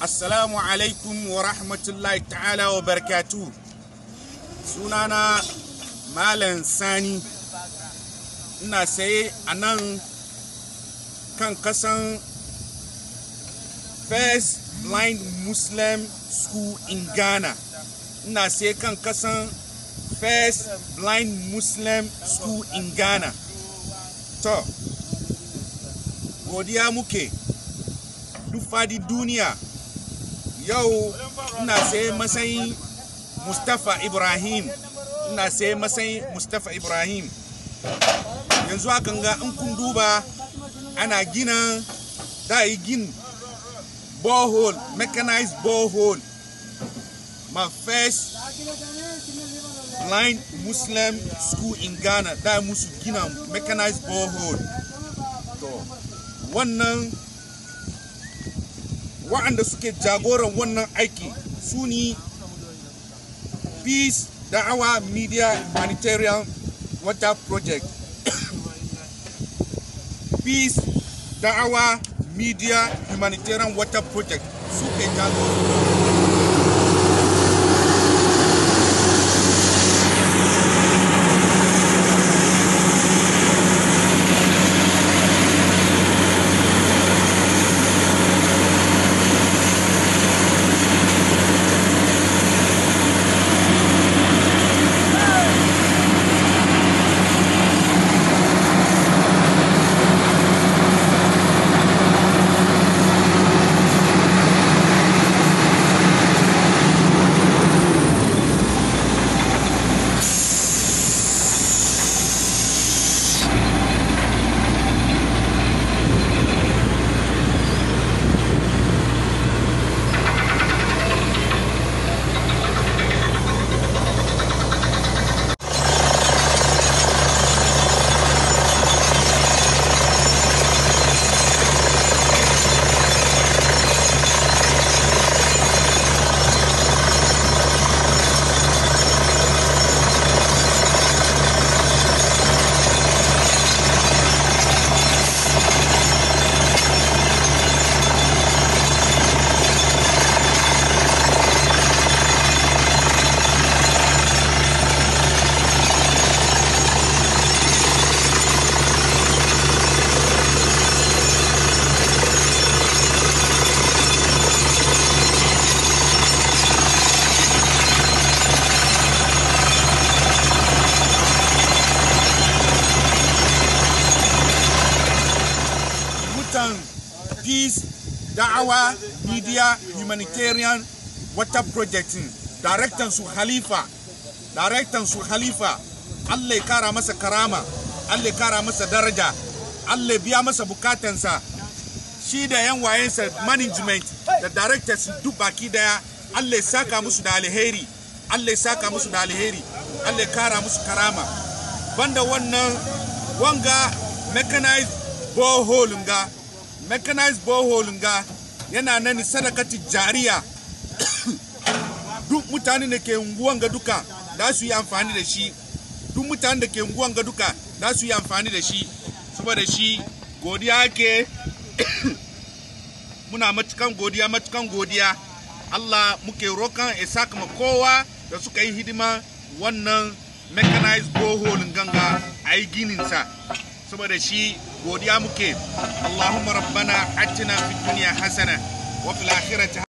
assalamu alaikum wa rahmatullahi ta'ala wa barkatu sunana malam sani ina saye a kan kasan first blind muslim school in ghana ina saye kan kasan first blind muslim school in ghana to godiya muke duk duniya yau ina sai matsayin mustapha ibrahim ina sai matsayin mustapha ibrahim yanzu akan ga in kun duba ana gina da yi gin borehole mechanized borehole my first blind muslim school in ghana da musu gina mechanized borehole to wannan waɗanda suke jagoran wannan aiki su ne peace da'awa media humanitarian water project peace da'awa media humanitarian water project suke jagoran da'awa media humanitarian water project Director su halifa Director su halifa allah ya kara masa karama allah ya kara masa daraja allah ya biya masa bukatansa shi da yan wayensa management da directors duk baki daya allah ya saka musu da alheri allah ya saka musu da alheri allah ya kara musu karama banda wannan wanga mechanized borehole nga mechanized borehole nga yana nan sadakati jariya duk mutane da ke unguwan ga duka za su yi amfani da shi duk mutane da ke unguwan ga duka za su yi amfani da shi saboda shi godiya ke muna matukan godiya matukan godiya Allah muke rokan ya saka ma kowa da suka yi hidima wannan mechanized borehole ganga a yi sa saboda shi وديامك اللهم ربنا اتنا في الدنيا حسنه وفي الاخره